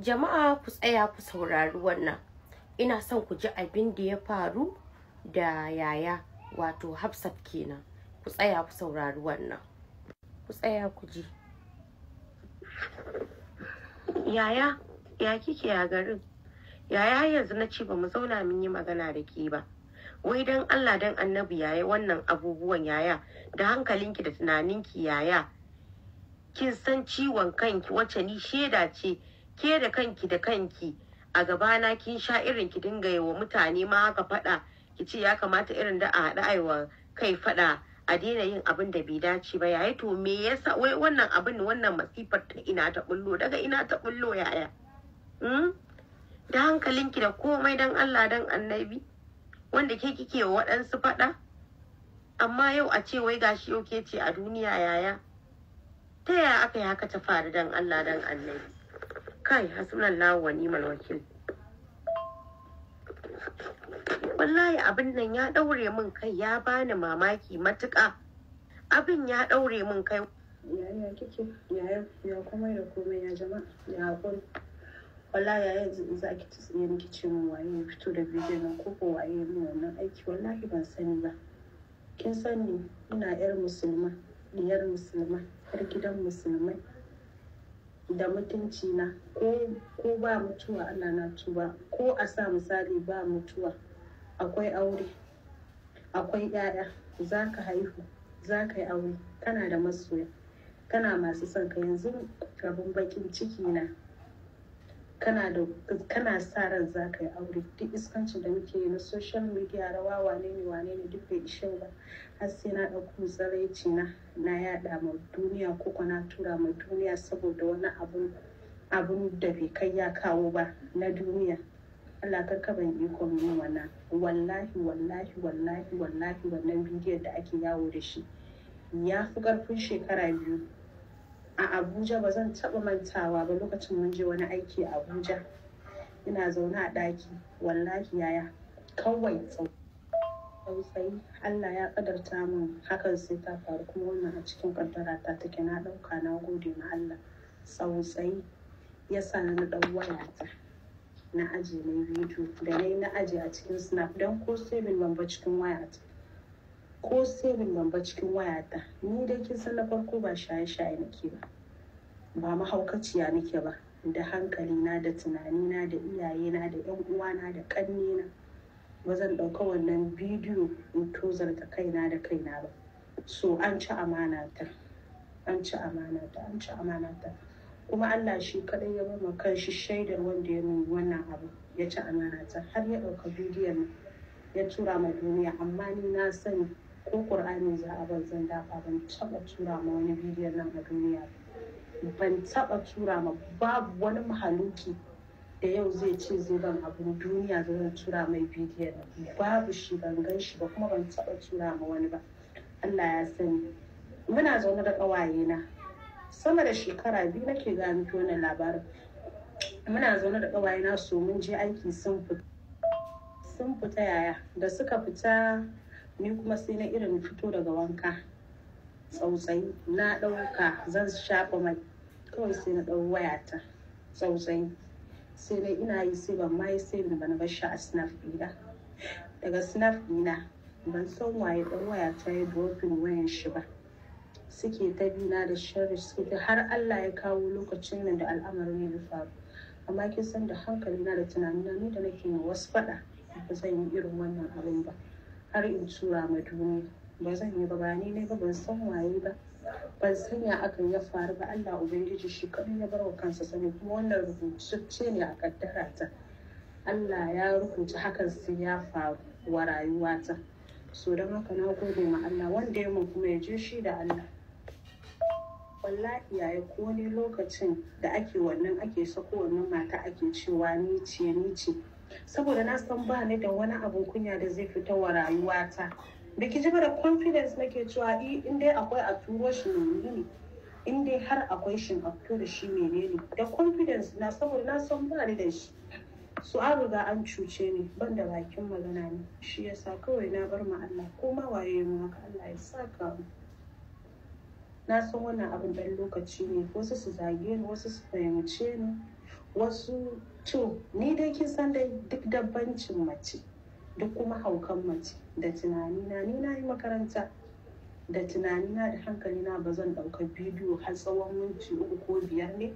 jama'a ku tsaya ku saurari wannan ina son ku ji abin da ya faru da yaya wato hafsat kenan ku tsaya ku saurari wannan ku tsaya ku ji yaya ya kike ya garin yaya yanzu na ce ba mu zauna mun yi magana da ke ba wai dan allah dan annabi yaya wannan abubuwan yaya da hankalinki da tunaninki yaya kin san ciwon kanki wacce ni shaida ce ke da kanki da kanki a gabana kin sha irin ki dinga yi wa mutane ma haka faɗa ki ce ya kamata irin da a haɗa aiwa kai faɗa a daina yin abin da bai dace ba yayi to me yasa wai wannan abin wannan masifar ta ina ta bullo daga ina ta bullo yaya hmm? da hankalinki da komai dan Allah dan annabi wanda ke kike wa waɗansu faɗa amma yau a ce wai gashi yau ke ce a duniya yaya ta yaya aka yi haka ta faru dan Allah dan annabi kai hasbunallahu wa wani malwakil wallahi abin nan ya daure min kai ya bani mamaki matuka. abin ya daure min kai yaya kike yaya ya komai da komai ya jama'a ya haƙuri wallahi yaya za ki tsiye ni kice min waye ya fito da bidiyo na koko waye ya min wannan aiki wallahi ban sani ba kin sani ina yar musulma yar musulma yar gidan musulmai da mutunci na ko ba mutuwa ana na tuba ko a sa misali ba mutuwa akwai aure akwai yaya za ka haihu za ka yi aure kana da masoya kana masu son ka yanzu abin bakin ciki na kana sa ran za ka yi aure duk iskancin da muke yi na social media rawa wane ne wane ne duk bai ishe ba har sai na ɗauko zaraici na na yaɗa ma duniya ko na tura ma duniya saboda wani abun da bai kai ya kawo ba na duniya Allah ka ban iko min wannan wallahi wallahi wallahi wallahi wannan bidiyon da ake yawo da shi ya fi karfin shekara biyu a abuja ba zan taɓa mantawa ba lokacin mun je wani aiki a abuja ina zaune a ɗaki wallahi yaya kawai tsautsayi allah ya ƙadarta min hakan sai ta faru kuma wannan a cikin ƙaddara ta take na ɗauka na gode ma allah tsautsayi ya sa na ɗau wayata na aji na bidiyo da na yi na aji a cikin snap don ko sai ban ba cikin wayata ko saving bamba cikin wayata ni dai kin san na farko ba shaye-shaye nake ba ba mahaukaciya nake ba da hankali na da tunani na da iyaye na da yan uwana da na ba zan ɗauka wannan bidiyo in tozarta kaina da kaina ba so an ci amana ta an ci amana ta an ci amana ta kuma Allah shi kaɗai ya kan shi shaidar wanda ya nuna wannan abu ya ci amana ta har ya ɗauka bidiyon ya tura ma duniya amma ni na sani ko ƙur'ani za a ban zan dafa ban taɓa tura ma wani bidiyon nan a duniya ban taɓa tura ma babu wani mahaluki da yau zai ce zai ban abin duniya zan tura mai bidiyon nan babu shi ban gan shi ba kuma ban taɓa tura ma wani ba Allah ya sani muna zaune da ƙawaye na sama da shekara biyu nake ga miki wannan labarin muna zaune da ƙawaye na so mun je aiki sun fita sun fita yaya da suka fita ni kuma sai na irin fito daga wanka tsautsayi na ɗauka zan shafa mai kawai sai na ɗau wayata tsautsayi sai na ina yi sai ban ma sai ba na bashi a snap ɗina daga snap ɗina ban san waye dan wayata ya dropin wayan shi ba suke ta bina da sharri suke har Allah ya kawo lokacin nan da al'amarin ya faru amma kin san da hankali na da tunanina ni da nake wasu faɗa ba zan yi irin wannan abin ba har in tura ma duniya ba zan yi ba ba ni ne ba ban san waye ba ban san ya akan ya faru ba Allah ubangiji shi kaɗai ya bar wa kansa sani kuma wannan ce ne a kaddara ta Allah ya rubuta hakan sai ya faru wa rayuwata so don haka na gode ma Allah wanda ya mun kuma ya je shi da Allah wallahi yaya ko ne lokacin da ake wannan ake sako wannan mata ake cewa ni ce ni ce saboda na san ba ni da wani abun kunya da zai fita wa rayuwata da ki ji da confidence nake cewa eh, in dai akwai a turo shi ne in dai har akwai shin a da shi menene da confidence na saboda na san ba ni da shi su an riga an cuce ni ban da bakin magana ne shi yasa kawai na bar ma Allah ko ma waye mu haka Allah ya saka mu na san wannan abin dan lokaci ne wasu su zage ni wasu su fahimce ni wasu to ni dai kin san dai duk dabbancin mace duk kuma haukan mace da tunanina ni na yi makaranta da tunanina da hankali na ba zan ɗauka bidiyo har tsawon minti uku ko biyar ne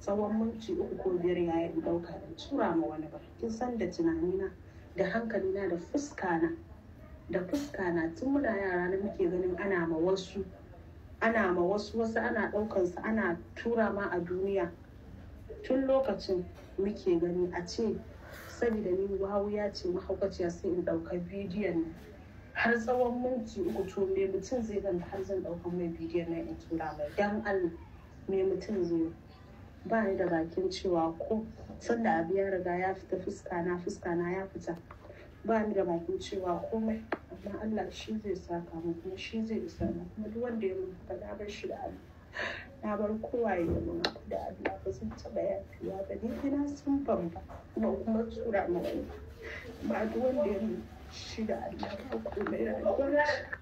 tsawon minti uku ko biyar ya in ɗauka da tura ma wani ba kin san da tunanina da hankali na da fuskana da fuskana tun muna yara na muke ganin ana ma wasu ana ma wasu wasu ana ɗaukansu ana tura ma a duniya tun lokacin muke gani a ce saboda ni wawu ya ce mahaukaciya sai in ɗauka bidiyon har tsawon minti uku to me mutum zai ganta har zan ɗauka mai bidiyon na in tura mai dan allah me mutum zai ba ni da bakin cewa ko sanda abu ya riga ya fita fuska na fuska na ya fita ba ni da bakin cewa komai amma allah shi zai saka mu kuma shi zai isa mu kuma duk wanda ya mu faɗa bar shi da allah na bar kowaye da mun da Allah ba zan taɓa yafiya ba ne ina sun bamba kuma kuma tsura ma wani ba duk wanda ya shi da Allah ko kuma rayuwar